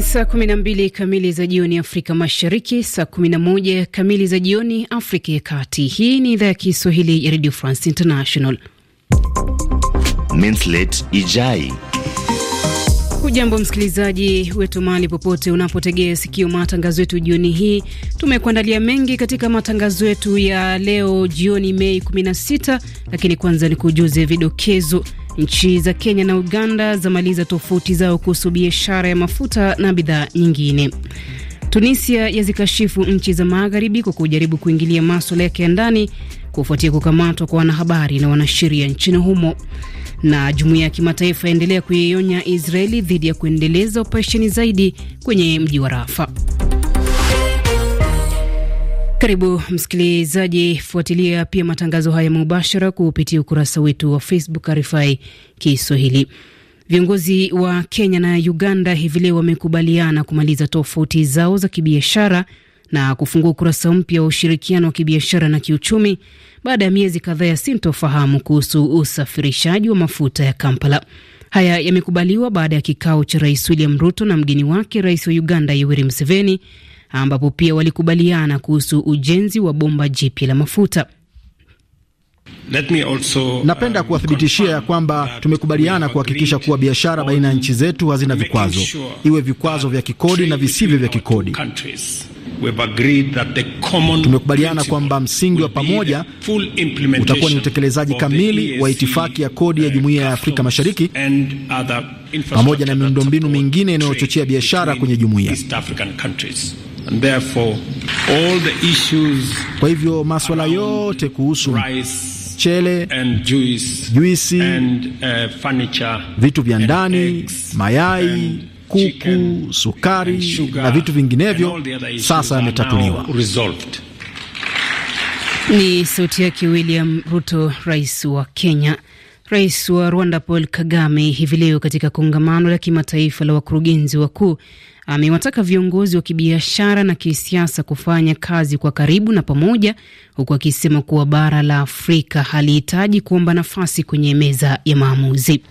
Ni saa 12 kamili za jioni Afrika Mashariki, saa 11 kamili za jioni Afrika ya Kati. Hii ni idhaa ya Kiswahili ya Radio France International. Mintlet Ijai. Hujambo msikilizaji wetu mahali popote unapotegea sikio matangazo yetu jioni hii. Tumekuandalia mengi katika matangazo yetu ya leo jioni, Mei 16, lakini kwanza ni kujuze vidokezo Nchi za Kenya na Uganda zamaliza tofauti zao kuhusu biashara ya mafuta na bidhaa nyingine. Tunisia yazikashifu nchi za magharibi kwa kujaribu kuingilia maswala yake ya ndani kufuatia kukamatwa kwa wanahabari na wanasheria nchini humo. Na jumuiya ya kimataifa yaendelea kuionya Israeli dhidi ya kuendeleza operesheni zaidi kwenye mji wa Rafa. Karibu msikilizaji, fuatilia pia matangazo haya mubashara kupitia ukurasa wetu wa Facebook RFI Kiswahili. Viongozi wa Kenya na Uganda hivi leo wamekubaliana kumaliza tofauti zao za kibiashara na kufungua ukurasa mpya wa ushirikiano wa kibiashara na kiuchumi baada ya miezi kadhaa ya sintofahamu kuhusu usafirishaji wa mafuta ya Kampala. Haya yamekubaliwa baada ya kikao cha Rais William Ruto na mgeni wake Rais wa Uganda Yoweri Museveni ambapo pia walikubaliana kuhusu ujenzi wa bomba jipya la mafuta. Also, uh, napenda kuwathibitishia ya kwamba tumekubaliana kuhakikisha kuwa biashara baina ya nchi zetu hazina vikwazo, iwe vikwazo vya kikodi na visivyo vya kikodi. Tumekubaliana kwamba msingi wa pamoja utakuwa ni utekelezaji kamili wa e itifaki ya kodi ya uh, Jumuiya ya Afrika Mashariki pamoja na miundombinu mingine inayochochea biashara kwenye jumuiya therefore, all the issues kwa hivyo maswala yote kuhusu mchele, juisi, uh, vitu vya ndani, mayai, kuku, sukari sugar, na vitu vinginevyo sasa yametatuliwa. Ni sauti yake William Ruto, rais wa Kenya. Rais wa Rwanda Paul Kagame hivi leo katika kongamano la kimataifa la wakurugenzi wakuu amewataka viongozi wa kibiashara na kisiasa kufanya kazi kwa karibu na pamoja, huku akisema kuwa bara la Afrika halihitaji kuomba nafasi kwenye meza ya maamuzi.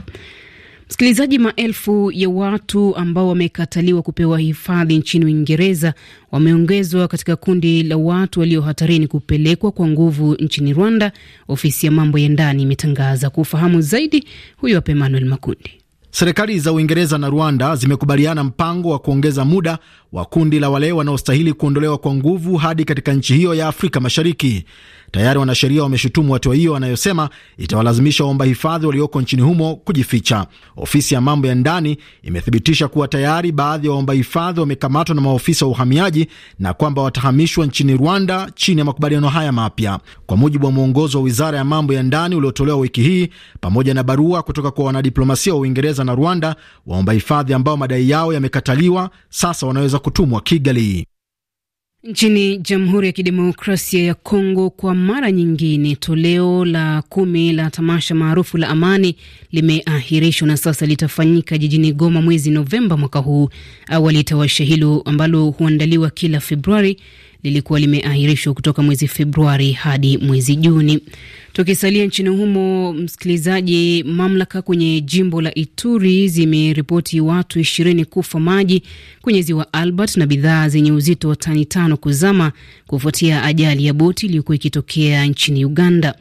Msikilizaji, maelfu ya watu ambao wamekataliwa kupewa hifadhi nchini Uingereza wameongezwa katika kundi la watu walio hatarini kupelekwa kwa nguvu nchini Rwanda, ofisi ya mambo ya ndani imetangaza. Kufahamu zaidi, huyu hapa Emmanuel Makundi. Serikali za Uingereza na Rwanda zimekubaliana mpango wa kuongeza muda wa kundi la wale wanaostahili kuondolewa kwa nguvu hadi katika nchi hiyo ya Afrika Mashariki. Tayari wanasheria wameshutumu hatua hiyo wanayosema itawalazimisha waomba hifadhi walioko nchini humo kujificha. Ofisi ya mambo ya ndani imethibitisha kuwa tayari baadhi ya waomba hifadhi wamekamatwa na maofisa wa uhamiaji na kwamba watahamishwa nchini Rwanda chini ya makubaliano haya mapya. Kwa mujibu wa mwongozo wa wizara ya mambo ya ndani uliotolewa wiki hii, pamoja na barua kutoka kwa wanadiplomasia wa Uingereza na Rwanda, waomba hifadhi ambao madai yao yamekataliwa sasa wanaweza kutumwa Kigali. Nchini Jamhuri ya Kidemokrasia ya Kongo, kwa mara nyingine, toleo la kumi la tamasha maarufu la amani limeahirishwa na sasa litafanyika jijini Goma mwezi Novemba mwaka huu. Awali tamasha hilo ambalo huandaliwa kila Februari lilikuwa limeahirishwa kutoka mwezi Februari hadi mwezi Juni. Tukisalia nchini humo, msikilizaji, mamlaka kwenye jimbo la Ituri zimeripoti watu ishirini kufa maji kwenye ziwa Albert na bidhaa zenye uzito wa tani tano kuzama kufuatia ajali ya boti iliyokuwa ikitokea nchini Uganda.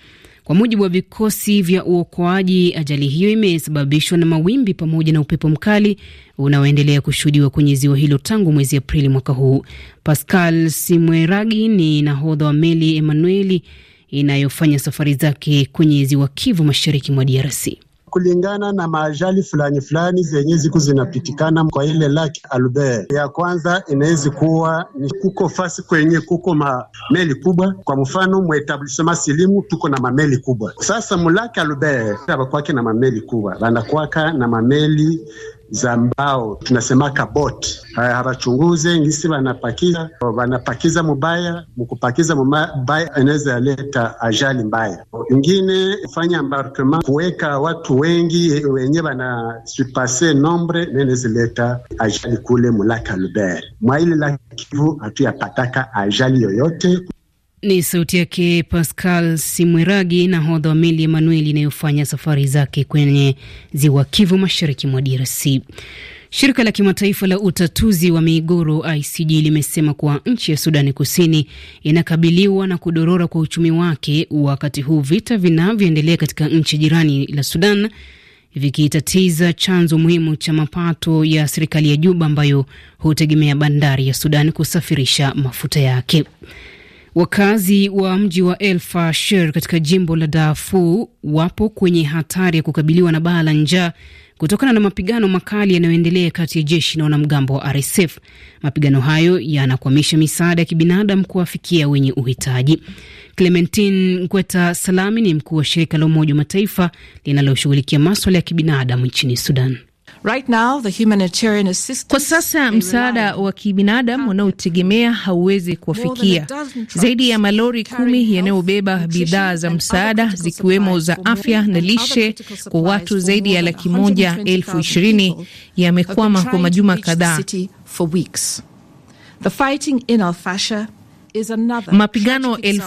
Kwa mujibu wa vikosi vya uokoaji, ajali hiyo imesababishwa na mawimbi pamoja na upepo mkali unaoendelea kushuhudiwa kwenye ziwa hilo tangu mwezi Aprili mwaka huu. Pascal Simweragi ni nahodha wa meli Emanueli inayofanya safari zake kwenye ziwa Kivu, mashariki mwa DRC kulingana na maajali fulani fulani zenye ziku zinapitikana kwa ile lake Albert. Ya kwanza inawezi kuwa ni kuko fasi kwenye kuko mameli kubwa, kwa mfano mwetablisema silimu tuko na mameli kubwa. Sasa mulake Albert abakwake na mameli kubwa, banakwaka na mameli za mbao tunasemaka bot. hawachunguze ngisi wanapakiza wanapakiza mubaya, mkupakiza mubaya inaweza yaleta ajali mbaya. Ingine kufanya embarkement, kuweka watu wengi wenye wana supase nombre, nenezileta ajali kule mulaka Lubere mwaili la Kivu, hatuyapataka ajali yoyote. Ni sauti yake Pascal Simweragi, nahodha wa meli ya inayofanya safari zake kwenye ziwa Kivu, mashariki mwa DRC. Shirika la kimataifa la utatuzi wa migogoro ICG limesema kuwa nchi ya Sudani Kusini inakabiliwa na kudorora kwa uchumi wake, wakati huu vita vinavyoendelea katika nchi jirani la Sudan vikitatiza chanzo muhimu cha mapato ya serikali ya Juba ambayo hutegemea bandari ya Sudan kusafirisha mafuta yake. Wakazi wa mji wa El Fasher katika jimbo la Darfur wapo kwenye hatari ya kukabiliwa na baa la njaa kutokana na mapigano makali yanayoendelea kati ya jeshi na wanamgambo wa RSF. Mapigano hayo yanakwamisha misaada ya kibinadamu kuwafikia wenye uhitaji. Clementine Nkweta Salami ni mkuu wa shirika la Umoja wa Mataifa linaloshughulikia maswala ya kibinadamu nchini Sudan. Right now, the humanitarian assistance, kwa sasa msaada wa kibinadamu wanaotegemea hauwezi kuwafikia. Zaidi ya malori kumi yanayobeba bidhaa za msaada zikiwemo za afya na lishe kwa watu zaidi ya laki moja elfu ishirini yamekwama kwa majuma kadhaa. Mapigano El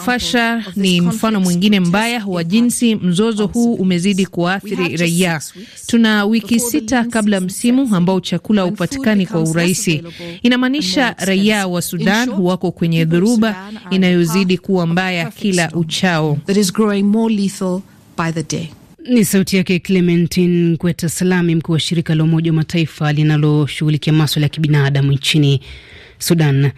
ni mfano mwingine mbaya wa jinsi mzozo huu umezidi kuathiri raia. Tuna wiki sita kabla msimu ambao chakula hupatikani kwa urahisi. Inamaanisha raia wa Sudan wako kwenye dhuruba inayozidi kuwa mbaya kila uchao. Ni sauti yake Clementine Kweta Salami, mkuu wa shirika la Umoja wa Mataifa linaloshughulikia maswala ya kibinadamu nchini Sudan.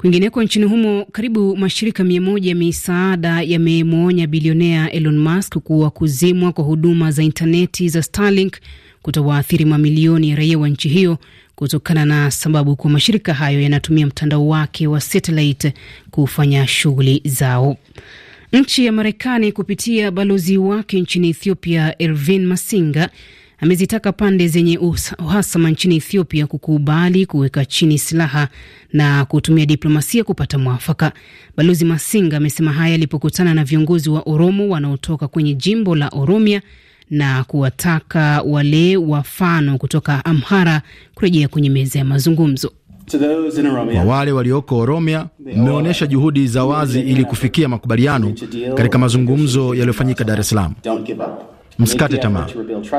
Kwingineko nchini humo karibu mashirika mia moja ya misaada yamemwonya bilionea Elon Musk kuwa kuzimwa kwa huduma za intaneti za Starlink kutowaathiri mamilioni ya raia wa nchi hiyo kutokana na sababu kuwa mashirika hayo yanatumia mtandao wake wa satellite kufanya shughuli zao. Nchi ya Marekani kupitia balozi wake nchini Ethiopia Ervin Masinga amezitaka pande zenye uhasama nchini Ethiopia kukubali kuweka chini silaha na kutumia diplomasia kupata mwafaka. Balozi Masinga amesema haya alipokutana na viongozi wa Oromo wanaotoka kwenye jimbo la Oromia na kuwataka wale wafano kutoka Amhara kurejea kwenye meza ya mazungumzo. Kwa wale walioko Oromia, mmeonyesha juhudi za wazi ili kufikia makubaliano katika mazungumzo yaliyofanyika Dar es Salaam. Msikate tamaa,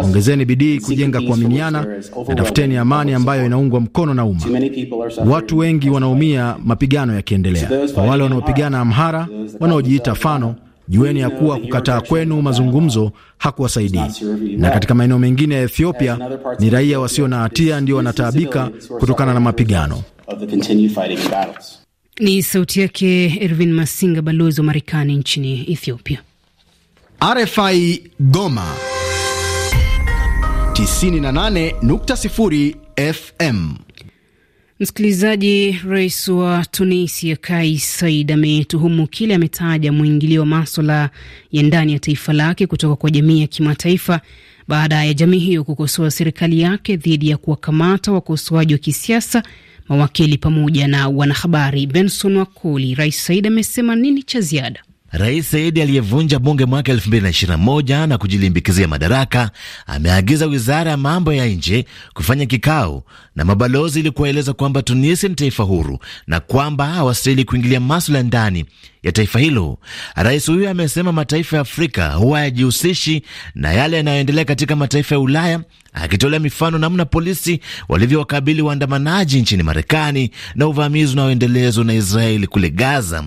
ongezeni bidii kujenga kuaminiana na tafuteni amani ambayo inaungwa mkono na umma. Watu wengi wanaumia mapigano yakiendelea. Kwa wale wanaopigana Amhara wanaojiita Fano, Jueni ya kuwa kukataa kwenu mazungumzo hakuwasaidii. Na katika maeneo mengine ya Ethiopia ni raia wasio na hatia ndio wanataabika kutokana na mapigano. Ni sauti yake Ervin Masinga, balozi wa Marekani nchini Ethiopia. RFI Goma 98.0 FM. Msikilizaji, rais wa Tunisia Kais Said ametuhumu kile ametaja mwingilio wa maswala ya ndani ya taifa lake kutoka kwa jamii ya kimataifa baada ya jamii hiyo kukosoa serikali yake dhidi ya kuwakamata wakosoaji wa kisiasa, mawakili pamoja na wanahabari. Benson Wakoli. Rais Said amesema nini cha ziada? Rais Saidi aliyevunja bunge mwaka 2021 na kujilimbikizia madaraka ameagiza wizara ya mambo ya nje kufanya kikao na mabalozi ili kuwaeleza kwamba Tunisia ni taifa huru na kwamba hawastahili kuingilia maswala ndani ya taifa hilo. Rais huyo amesema mataifa ya Afrika huwa yajihusishi na yale yanayoendelea katika mataifa ya Ulaya, akitolea mifano namna polisi walivyowakabili waandamanaji nchini Marekani na uvamizi unaoendelezwa na Israeli kule Gaza.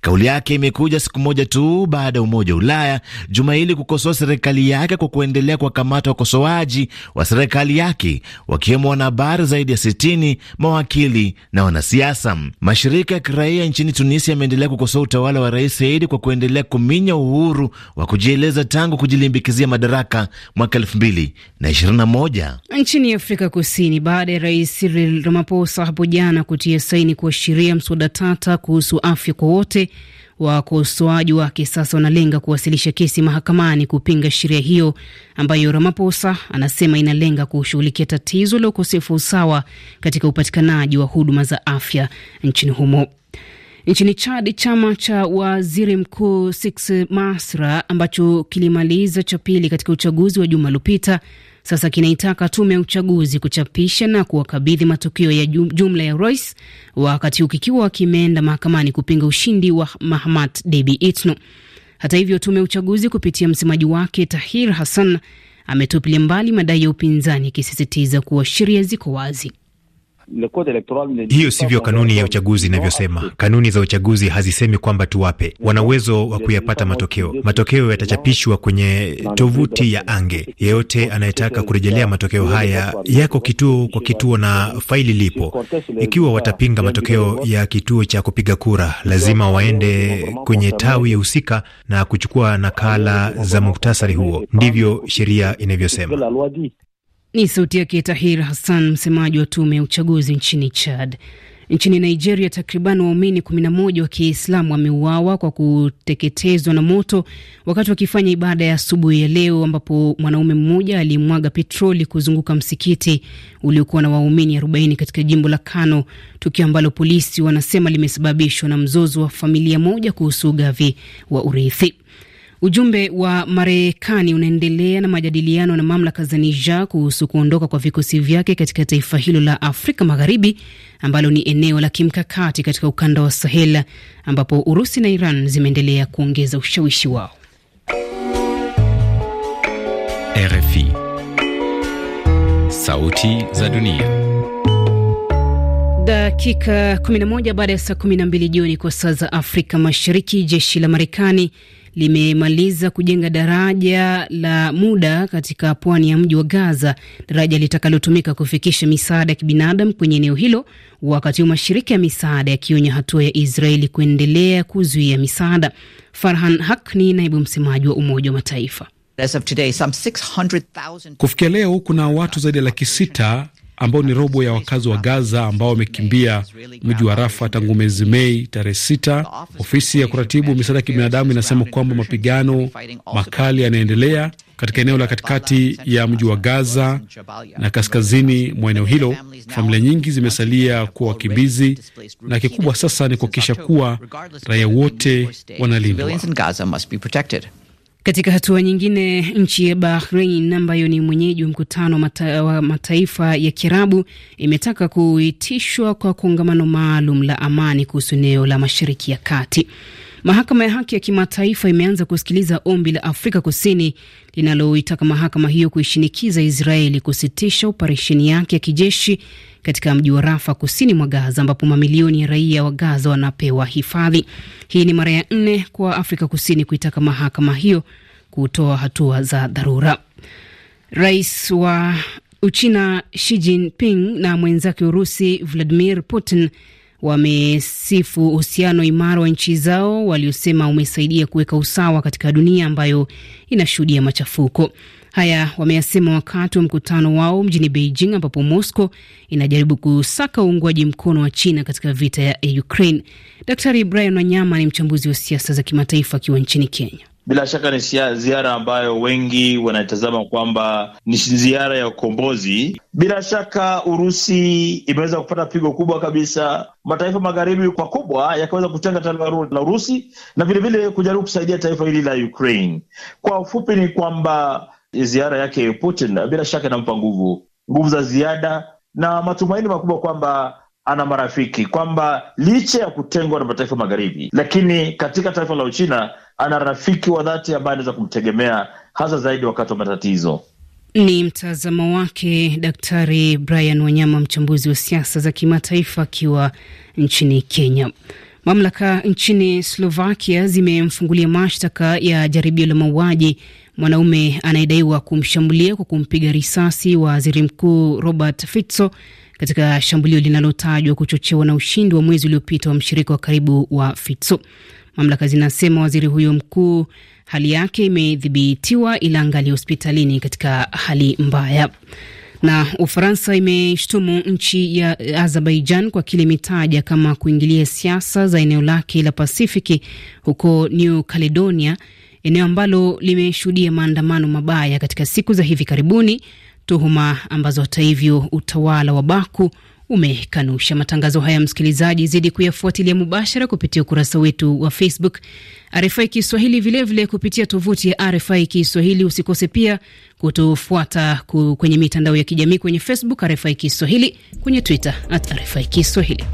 Kauli yake imekuja siku moja tu baada ya Umoja wa Ulaya juma hili kukosoa serikali yake kwa kuendelea kuwakamata wakosoaji wa serikali yake, wakiwemo wanahabari zaidi ya sitini, mawakili na wanasiasa. Mashirika ya kiraia nchini Tunisia yameendelea kukosoa utawala wa Rais Aidi kwa kuendelea kuminya uhuru wa kujieleza tangu kujilimbikizia madaraka mwaka moja nchini Afrika Kusini baada ya Rais Cyril Ramaphosa hapo jana kutia saini kuashiria mswada tata kuhusu afya kwa wote. Wakosoaji wake sasa wanalenga kuwasilisha kesi mahakamani kupinga sheria hiyo ambayo Ramaphosa anasema inalenga kushughulikia tatizo la ukosefu usawa katika upatikanaji wa huduma za afya nchini humo. Nchini Chad, chama cha waziri mkuu Six Masra ambacho kilimaliza cha pili katika uchaguzi wa juma lopita sasa kinaitaka tume ya uchaguzi kuchapisha na kuwakabidhi matokeo ya jumla ya rais, wakati kikiwa kimeenda mahakamani kupinga ushindi wa Mahamat Debi Itno. Hata hivyo, tume ya uchaguzi kupitia msemaji wake Tahir Hassan ametupilia mbali madai ya upinzani, akisisitiza kuwa sheria ziko wazi. Hiyo sivyo kanuni ya uchaguzi inavyosema. Kanuni za uchaguzi hazisemi kwamba tuwape, wana uwezo wa kuyapata matokeo. Matokeo yatachapishwa kwenye tovuti ya Ange. Yeyote anayetaka kurejelea matokeo haya yako kituo kwa kituo na faili lipo. Ikiwa watapinga matokeo ya kituo cha kupiga kura, lazima waende kwenye tawi husika na kuchukua nakala za muktasari huo. Ndivyo sheria inavyosema. Ni sauti yake Tahir Hassan, msemaji wa tume ya uchaguzi nchini Chad. Nchini Nigeria, takriban waumini 11 wa Kiislamu wameuawa kwa kuteketezwa na moto wakati wakifanya ibada ya asubuhi ya leo, ambapo mwanaume mmoja alimwaga petroli kuzunguka msikiti uliokuwa na waumini 40 katika jimbo la Kano, tukio ambalo polisi wanasema limesababishwa na mzozo wa familia moja kuhusu ugavi wa urithi. Ujumbe wa Marekani unaendelea na majadiliano na mamlaka za Niger kuhusu kuondoka kwa vikosi vyake katika taifa hilo la Afrika Magharibi ambalo ni eneo la kimkakati katika ukanda wa Sahel ambapo Urusi na Iran zimeendelea kuongeza ushawishi wao. RFI, Sauti za Dunia. Dakika 11 baada ya saa 12 jioni kwa saa za Afrika Mashariki, jeshi la Marekani limemaliza kujenga daraja la muda katika pwani ya mji wa Gaza, daraja litakalotumika kufikisha misaada ya kibinadamu kwenye eneo hilo, wakati huu mashirika ya misaada yakionya hatua ya Israeli kuendelea kuzuia misaada. Farhan Haq ni naibu msemaji wa Umoja wa Mataifa. Kufikia leo kuna watu zaidi ya laki sita ambao ni robo ya wakazi wa Gaza ambao wamekimbia mji wa Rafa tangu mwezi Mei tarehe sita. Ofisi ya kuratibu misaada ya kibinadamu inasema kwamba mapigano makali yanaendelea katika eneo la katikati ya mji wa Gaza na kaskazini mwa eneo hilo. Familia nyingi zimesalia kuwa wakimbizi, na kikubwa sasa ni kuhakikisha kuwa raia wote wanalindwa. Katika hatua nyingine, nchi ya Bahrain ambayo ni mwenyeji wa mkutano mata, wa mataifa ya Kiarabu imetaka kuitishwa kwa kongamano maalum la amani kuhusu eneo la Mashariki ya Kati. Mahakama ya Haki ya Kimataifa imeanza kusikiliza ombi la Afrika Kusini linaloitaka mahakama hiyo kuishinikiza Israeli kusitisha operesheni yake ya kijeshi katika mji wa Rafa kusini mwa Gaza, ambapo mamilioni ya raia wa Gaza wanapewa hifadhi. Hii ni mara ya nne kwa Afrika Kusini kuitaka mahakama hiyo kutoa hatua za dharura. Rais wa Uchina Xi Jinping na mwenzake Urusi Vladimir Putin wamesifu uhusiano imara wa nchi zao waliosema umesaidia kuweka usawa katika dunia ambayo inashuhudia machafuko. Haya wameyasema wakati wa mkutano wao mjini Beijing, ambapo Moscow inajaribu kusaka uungwaji mkono wa China katika vita ya Ukraine. Daktari Brian Wanyama ni mchambuzi wa siasa za kimataifa akiwa nchini Kenya. Bila shaka ni ziara ambayo wengi wanatazama kwamba ni ziara ya ukombozi. Bila shaka Urusi imeweza kupata pigo kubwa kabisa, mataifa magharibi kwa kubwa yakaweza kutenga taifa la Urusi na vilevile kujaribu kusaidia taifa hili la Ukraine. Kwa ufupi ni kwamba ziara yake Putin bila shaka inampa nguvu nguvu za ziada na matumaini makubwa kwamba ana marafiki, kwamba licha ya kutengwa na mataifa magharibi, lakini katika taifa la Uchina ana rafiki wa dhati ambaye anaweza kumtegemea hasa zaidi wakati wa matatizo. Ni mtazamo wake Daktari Brian Wanyama, mchambuzi wa siasa za kimataifa akiwa nchini Kenya. Mamlaka nchini Slovakia zimemfungulia mashtaka ya jaribio la mauaji mwanaume anayedaiwa kumshambulia kwa kumpiga risasi waziri mkuu Robert Fitso katika shambulio linalotajwa kuchochewa na ushindi wa mwezi uliopita wa mshirika wa karibu wa Fitso. Mamlaka zinasema waziri huyo mkuu hali yake imedhibitiwa, ila angali hospitalini katika hali mbaya. Na Ufaransa imeshtumu nchi ya Azerbaijan kwa kile imetaja kama kuingilia siasa za eneo lake la Pasifiki huko New Caledonia eneo ambalo limeshuhudia maandamano mabaya katika siku za hivi karibuni, tuhuma ambazo hata hivyo utawala wa Baku umekanusha. Matangazo haya msikilizaji, zidi kuyafuatilia mubashara kupitia ukurasa wetu wa Facebook RFI Kiswahili, vilevile vile kupitia tovuti ya RFI Kiswahili. Usikose pia kutufuata kwenye mitandao ya kijamii, kwenye Facebook RFI Kiswahili, kwenye Twitter at RFI Kiswahili.